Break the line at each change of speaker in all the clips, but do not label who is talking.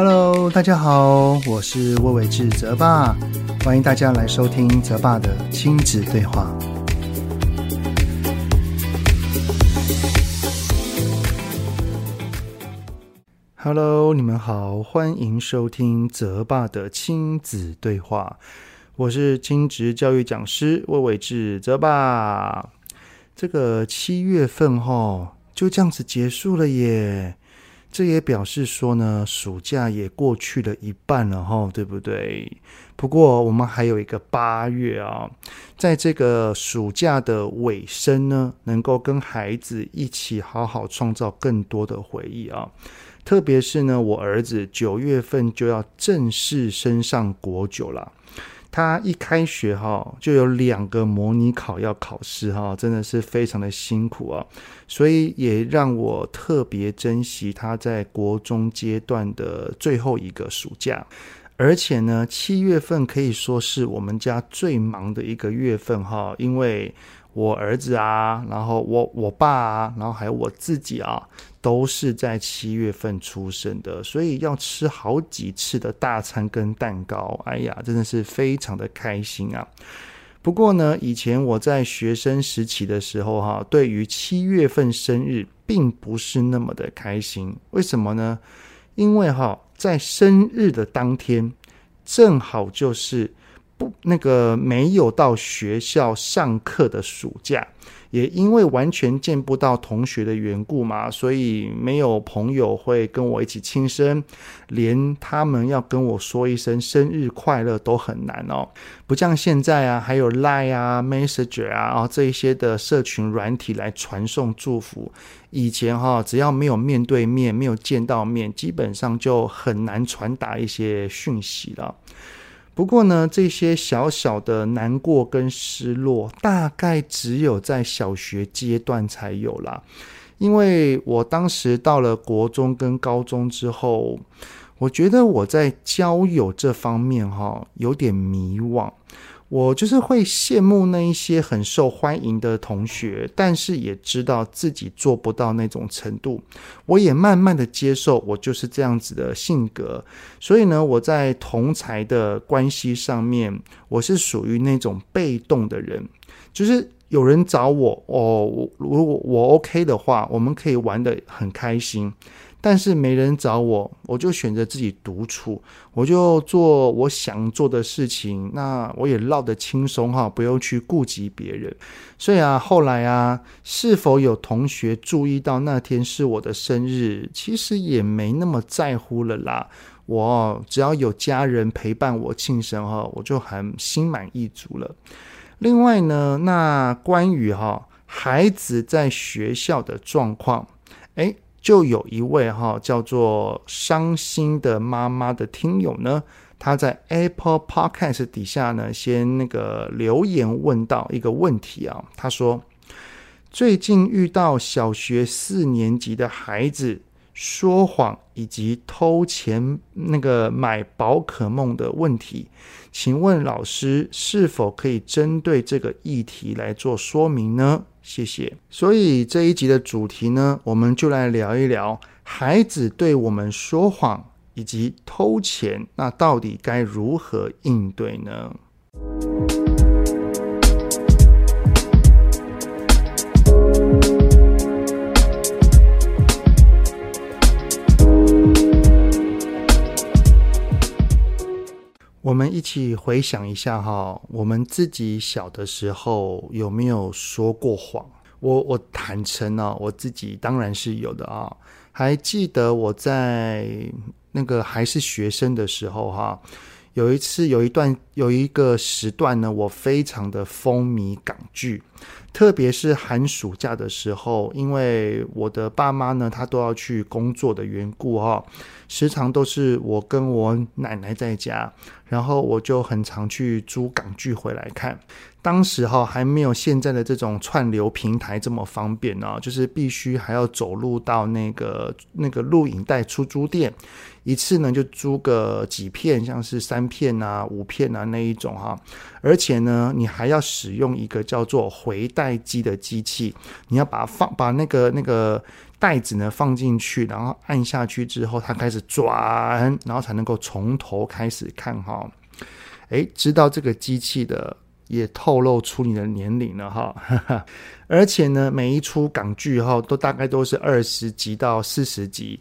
Hello，大家好，我是魏瑋志澤爸，歡迎大家來收聽澤爸的親子對話。Hello，你們好，歡迎收聽澤爸的親子對話，我是親職教育講師魏瑋志澤爸。這個七月份哈、哦，就這樣子結束了耶。這也表示說呢，暑假也過去了一半了哈，對不對？不過我們還有一個八月啊、哦，在這個暑假的尾聲呢，能夠跟孩子一起好好創造更多的回憶啊、哦。特別是呢，我兒子九月份就要正式升上國九了。他一開學哈，就有兩個模擬考要考試哈，真的是非常的辛苦啊，所以也讓我特別珍惜他在國中階段的最後一個暑假。而且呢，七月份可以說是我們家最忙的一個月份哈，因為我兒子啊，然後我我爸啊，然後還有我自己啊，都是在七月份出生的，所以要吃好幾次的大餐跟蛋糕。哎呀，真的是非常的開心啊！不過呢，以前我在學生時期的時候哈，對於七月份生日並不是那麼的開心，為什麼呢？因為哈。在生日的當天，正好就是不那個沒有到學校上課的暑假。也因為完全見不到同學的緣故嘛，所以沒有朋友會跟我一起慶生，連他們要跟我說一聲生日快樂都很難哦。不像現在啊，還有 Line 啊、Messenger 啊，哦，這一些的社群軟體來傳送祝福。以前哈、哦，只要沒有面對面、沒有見到面，基本上就很難傳達一些訊息了。不過呢，這些小小的難過跟失落，大概只有在小學階段才有啦。因為我當時到了國中跟高中之後，我覺得我在交友這方面哈、哦，有點迷惘。我就是會羨慕那一些很受歡迎的同學，但是也知道自己做不到那種程度。我也慢慢的接受，我就是這樣子的性格。所以呢，我在同儕的關係上面，我是屬於那種被動的人，就是有人找我，哦，我，如果我，我 OK 的話，我們可以玩得很開心。但是沒人找我，我就選擇自己獨處，我就做我想做的事情，那我也樂得輕鬆哈，不用去顧及別人。所以啊，後來啊，是否有同學注意到那天是我的生日？其實也沒那麼在乎了啦。我只要有家人陪伴我慶生哈，我就很心滿意足了。另外呢，那關於哈孩子在學校的狀況，誒、欸就有一位哈叫做“傷心的媽媽”的聽友呢，他在 Apple Podcast 底下呢，先那個留言問到一個問題啊。他說：“最近遇到小學四年級的孩子說謊以及偷錢，那個買寶可夢的問題，請問老師是否可以針對這個議題來做說明呢？”謝謝。所以這一集的主題呢，我們就來聊一聊孩子對我們說謊以及偷錢，那到底該如何應對呢？我們一起回想一下哈，我們自己小的時候有沒有說過謊？我我坦誠呢，我自己當然是有的啊。還記得我在那個還是學生的時候哈，有一次有一段有一個時段呢，我非常的風靡港劇，特別是寒暑假的時候，因為我的爸媽呢，他都要去工作的緣故哈，時常都是我跟我奶奶在家。然後我就很常去租港劇回來看，當時哈、哦、還沒有現在的這種串流平台這麼方便呢、哦，就是必須還要走路到那個那個錄影帶出租店，一次呢就租個幾片，像是三片啊、五片啊那一種哈、哦，而且呢你還要使用一個叫做回帶機的機器，你要把放把那個那個。袋子呢放進去，然後按下去之後，它開始轉，然後才能夠從頭開始看哈、哦。誒，知道這個機器的也透露出你的年齡了哈、哦。而且呢，每一出港劇哈，都大概都是二十集到四十集。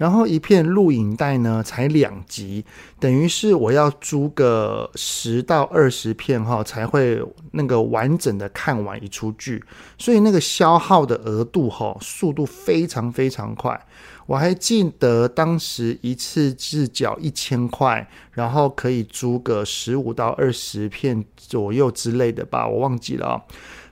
然後一片錄影帶呢，才兩集，等於是我要租個十到二十片齁，才會那個完整的看完一出劇，所以那個消耗的額度齁，速度非常非常快。我還記得當時一次是繳一千塊，然後可以租個十五到二十片左右之類的吧，我忘記了哦。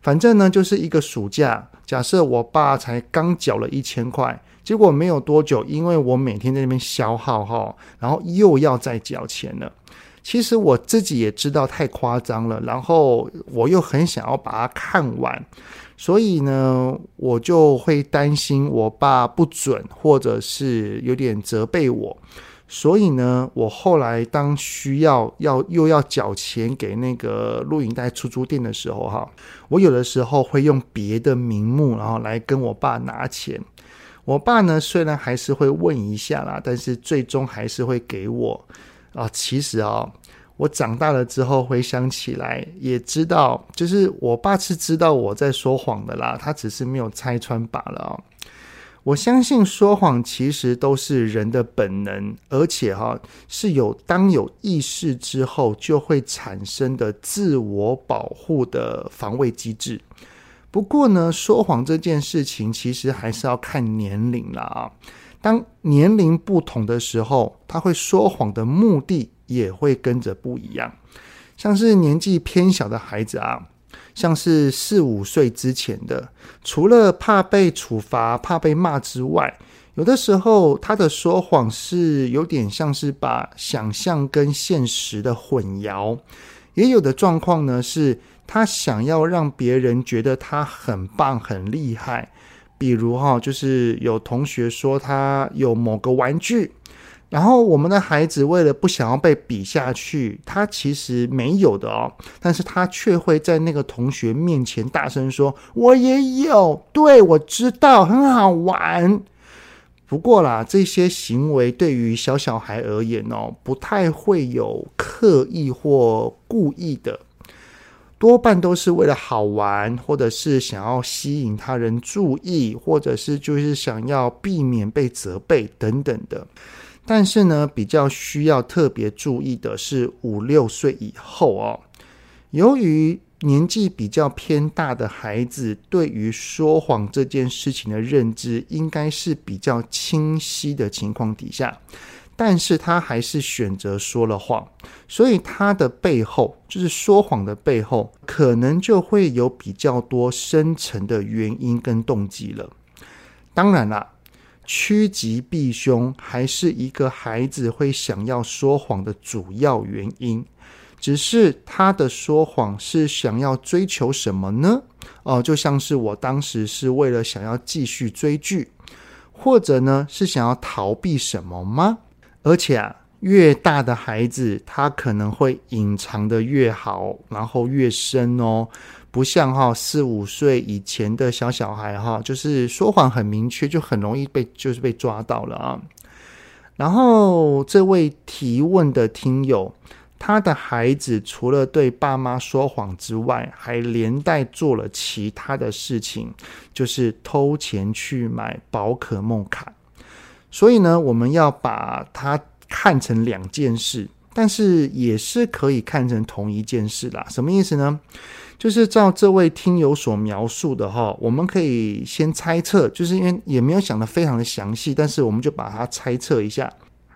反正呢，就是一個暑假，假設我爸才剛繳了一千塊。結果沒有多久，因為我每天在那邊消耗哈，然後又要再繳錢了。其實我自己也知道太誇張了，然後我又很想要把它看完，所以呢，我就會擔心我爸不准，或者是有點責備我。所以呢，我後來當需要要又要繳錢給那個錄影帶出租店的時候哈，我有的時候會用別的名目，然後來跟我爸拿錢。我爸呢，雖然還是會問一下啦，但是最終還是會給我。啊，其實啊，我長大了之後回想起來，也知道，就是我爸是知道我在說謊的啦，他只是沒有拆穿罷了。啊，我相信說謊其實都是人的本能，而且哈是有當有意識之後就會產生的自我保護的防衛機制。不過呢，說謊這件事情其實還是要看年齡啦啊。當年齡不同的時候，他會說謊的目的也會跟着不一樣。像是年紀偏小的孩子啊，像是四五歲之前的，除了怕被處罰、怕被罵之外，有的時候他的說謊是有點像是把想象跟現實的混淆。也有的狀況呢，是他想要讓別人覺得他很棒、很厲害。比如哈、哦，就是有同學說他有某個玩具，然後我們的孩子為了不想要被比下去，他其實沒有的哦，但是他卻會在那個同學面前大聲說：“我也有，對，我知道，很好玩。”不過啦，這些行為對於小小孩而言哦，不太會有刻意或故意的，多半都是為了好玩，或者是想要吸引他人注意，或者是就是想要避免被責備等等的。但是呢，比較需要特別注意的是五六歲以後哦，由於，年紀比較偏大的孩子，對於說謊這件事情的認知應該是比較清晰的情況底下，但是他還是選擇說了謊，所以他的背後就是說謊的背後，可能就會有比較多深層的原因跟動機了。當然啦，趨吉避凶還是一個孩子會想要說謊的主要原因。只是他的說謊是想要追求什麼呢？哦、呃，就像是我當時是為了想要繼續追劇，或者呢是想要逃避什麼嗎？而且啊，越大的孩子他可能會隱藏得越好，然後越深哦。不像哈四五歲以前的小小孩哈、哦，就是說謊很明確，就很容易被就是被抓到了啊。然後這位提問的聽友。他的孩子除了對爸媽說謊之外，還連帶做了其他的事情，就是偷錢去買寶可夢卡。所以呢，我們要把它看成兩件事，但是也是可以看成同一件事啦。什麼意思呢？就是照這位聽友所描述的哈，我們可以先猜測，就是因為也沒有想得非常的詳細，但是我們就把它猜測一下。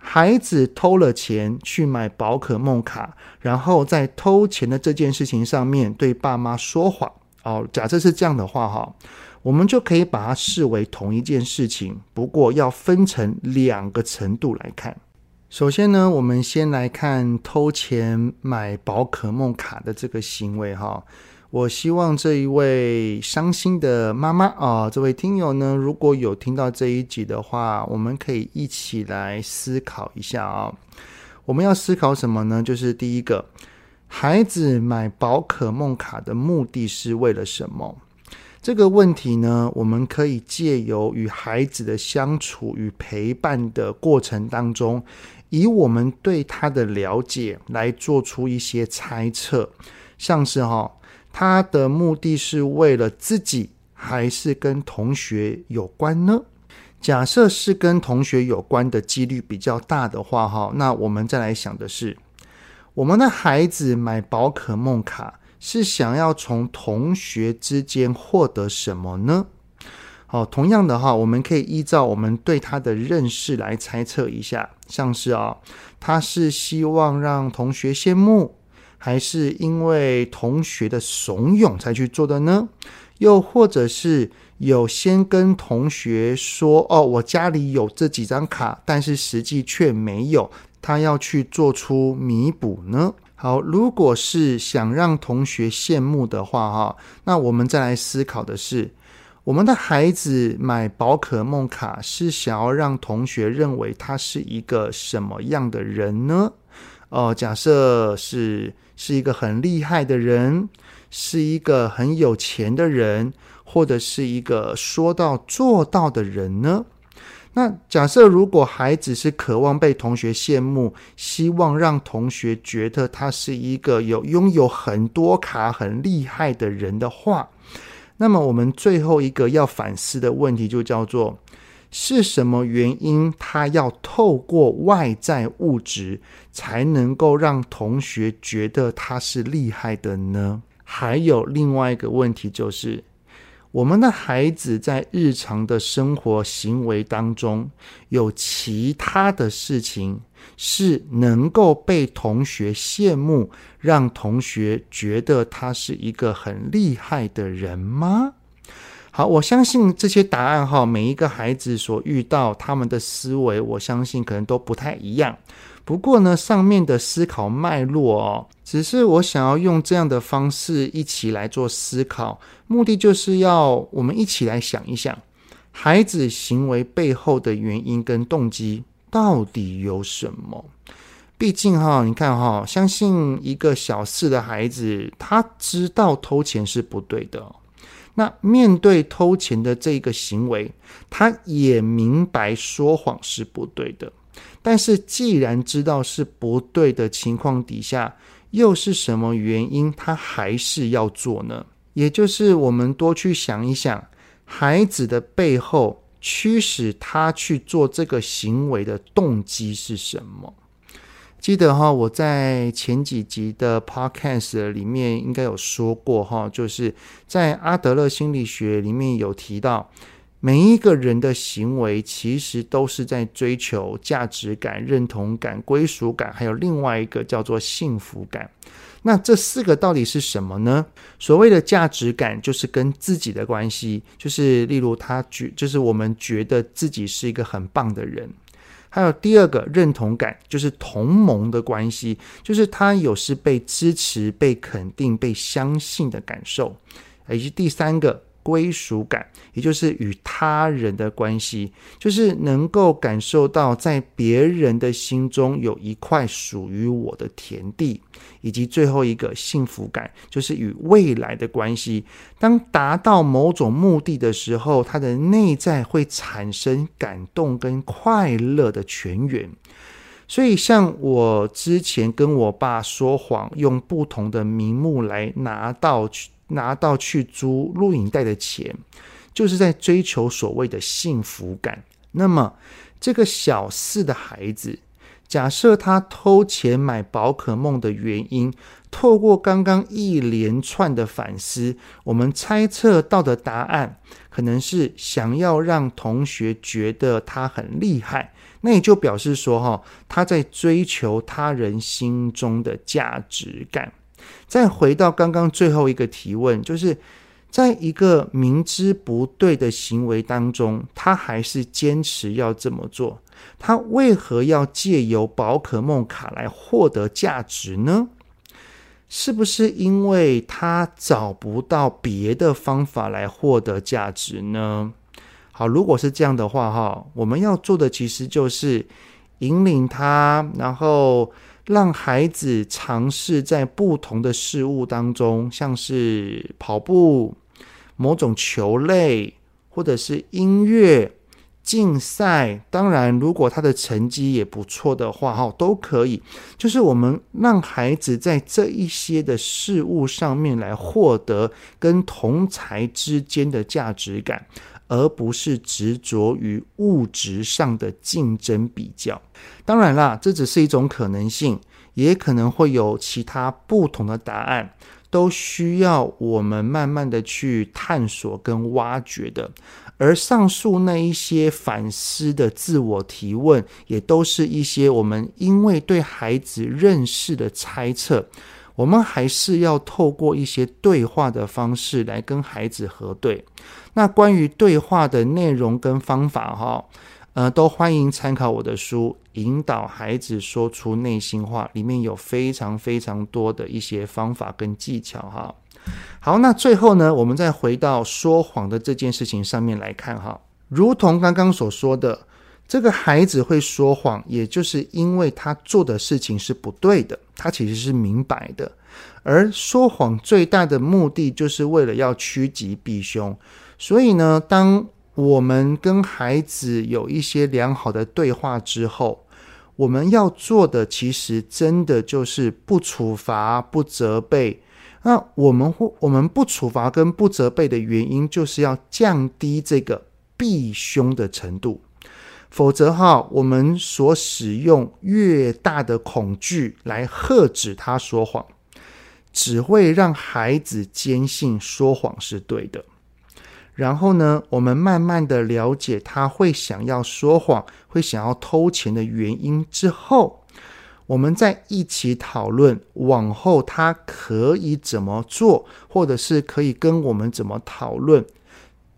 孩子偷了錢去買寶可夢卡，然後在偷錢的這件事情上面對爸媽說謊。哦，假設是這樣的話哈，我們就可以把它視為同一件事情，不過要分成兩個程度來看。首先呢，我們先來看偷錢買寶可夢卡的這個行為哈。我希望這一位傷心的媽媽啊，這位聽友呢，如果有聽到這一集的話，我們可以一起來思考一下啊、哦。我們要思考什麼呢？就是第一個，孩子買寶可夢卡的目的是為了什麼？這個問題呢，我們可以借由與孩子的相處與陪伴的過程當中，以我們對他的了解來做出一些猜測，像是哈、哦。他的目的是為了自己，還是跟同學有關呢？假設是跟同學有關的幾率比較大的話，哈，那我們再來想的是，我們的孩子買寶可夢卡是想要從同學之間獲得什麼呢？好，同樣的哈，我們可以依照我們對他的認識來猜測一下，像是啊、哦，他是希望讓同學羨慕。還是因為同學的慫恿才去做的呢？又或者是有先跟同學說：“哦，我家裡有這幾張卡，但是實際卻沒有。”他要去做出彌補呢？好，如果是想讓同學羨慕的話，哈，那我們再來思考的是：我們的孩子買寶可夢卡是想要讓同學認為他是一個什麼樣的人呢？哦、呃，假設是是一個很厲害的人，是一個很有錢的人，或者是一個說到做到的人呢？那假設如果孩子是渴望被同學羨慕，希望讓同學覺得他是一個有擁有很多卡很厲害的人的話，那麼我們最後一個要反思的問題就叫做。是什麼原因，他要透過外在物質才能夠讓同學覺得他是厲害的呢？還有另外一個問題就是，我們的孩子在日常的生活行為當中，有其他的事情是能夠被同學羨慕，讓同學覺得他是一個很厲害的人嗎？好，我相信這些答案哈，每一個孩子所遇到他們的思維，我相信可能都不太一樣。不過呢，上面的思考脈絡哦，只是我想要用這樣的方式一起來做思考，目的就是要我們一起來想一想，孩子行為背後的原因跟動機到底有什麼？畢竟哈，你看哈，相信一個小四的孩子，他知道偷錢是不對的。那面對偷錢的這個行為，他也明白說謊是不對的，但是既然知道是不對的情況底下，又是什麼原因他還是要做呢？也就是我們多去想一想，孩子的背後驅使他去做這個行為的動機是什麼？記得哈，我在前幾集的 podcast 裡面應該有說過哈，就是在阿德勒心理學裡面有提到，每一個人的行為其實都是在追求價值感、認同感、歸屬感，還有另外一個叫做幸福感。那這四個到底是什麼呢？所謂的價值感，就是跟自己的關係，就是例如他覺，就是我們覺得自己是一個很棒的人。還有第二個認同感，就是同盟的關係，就是他有是被支持、被肯定、被相信的感受，以及第三個。歸屬感，也就是與他人的關係，就是能夠感受到在別人的心中有一塊屬於我的田地，以及最後一個幸福感，就是與未來的關係。當達到某種目的的時候，他的內在會產生感動跟快樂的泉源。所以，像我之前跟我爸說謊，用不同的名目來拿到拿到去租錄影帶的錢，就是在追求所謂的幸福感。那麼，這個小四的孩子，假設他偷錢買寶可夢的原因，透過剛剛一連串的反思，我們猜測到的答案，可能是想要讓同學覺得他很厲害。那也就表示說，哈，他在追求他人心中的價值感。再回到剛剛最後一個提問，就是在一個明知不對的行為當中，他還是堅持要這麼做。他為何要借由寶可夢卡來獲得價值呢？是不是因為他找不到別的方法來獲得價值呢？好，如果是這樣的話，哈，我們要做的其實就是引領他，然後。讓孩子嘗試在不同的事物當中，像是跑步、某種球類，或者是音樂競賽。當然，如果他的成績也不錯的話，哈，都可以。就是我們讓孩子在這一些的事物上面來獲得跟同儕之間的價值感。而不是執着於物質上的競爭比較。當然啦，這只是一種可能性，也可能會有其他不同的答案，都需要我們慢慢的去探索跟挖掘的。而上述那一些反思的自我提問，也都是一些我們因為對孩子認識的猜測。我們還是要透過一些對話的方式來跟孩子核對。那關於對話的內容跟方法，哈，呃，都歡迎參考我的書《引導孩子說出內心話》，裡面有非常非常多的一些方法跟技巧，哈。好，那最後呢，我們再回到說謊的這件事情上面來看，哈，如同剛剛所說的。這個孩子會說謊，也就是因為他做的事情是不對的，他其實是明白的。而說謊最大的目的，就是為了要趨吉避凶。所以呢，當我們跟孩子有一些良好的對話之後，我們要做的其實真的就是不處罰、不責備。那我們會我們不處罰跟不責備的原因，就是要降低這個避凶的程度。否則哈，我們所使用越大的恐懼來喝止他說謊，只會讓孩子堅信說謊是對的。然後呢，我們慢慢的了解他會想要說謊、會想要偷錢的原因之後，我們再一起討論往後他可以怎麼做，或者是可以跟我們怎麼討論。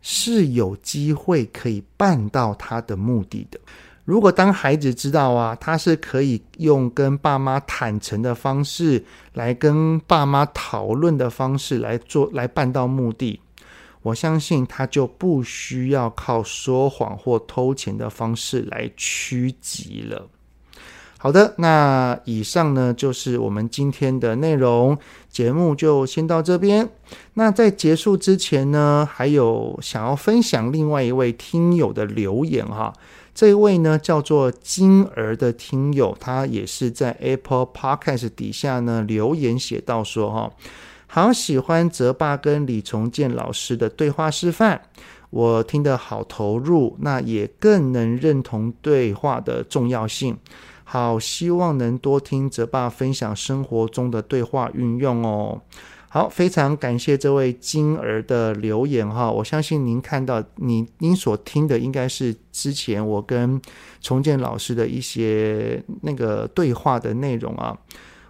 是有機會可以辦到他的目的的。如果當孩子知道啊，他是可以用跟爸媽坦誠的方式來跟爸媽討論的方式來做，來辦到目的，我相信他就不需要靠說謊或偷錢的方式來趨極了。好的，那以上呢，就是我們今天的內容，節目就先到這邊。那在結束之前呢，還有想要分享另外一位聽友的留言哈，這一位呢叫做金兒的聽友，他也是在 Apple Podcast 底下呢留言寫道說，哈，好喜歡澤爸跟李崇建老師的對話示範，我聽得好投入，那也更能認同對話的重要性。好，希望能多聽澤爸分享生活中的對話運用哦。好，非常感謝這位金兒的留言哈、哦，我相信您看到你您所聽的應該是之前我跟崇建老師的一些那個對話的內容啊。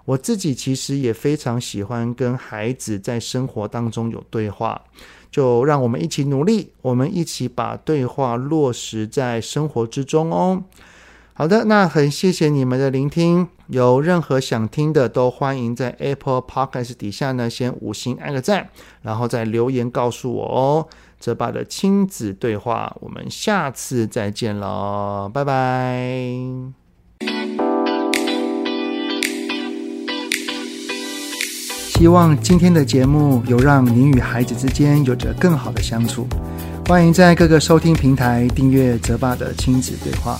我自己其實也非常喜歡跟孩子在生活當中有對話，就讓我們一起努力，我們一起把對話落實在生活之中哦。好的，那很謝謝你們的聆聽。有任何想聽的，都歡迎在 Apple Podcast 底下呢先五星按個讚，然後再留言告訴我哦。澤爸的親子對話，我們下次再見咯，拜拜。希望今天的節目有讓您與孩子之間有着更好的相處。歡迎在各個收聽平台訂閱澤爸的親子對話。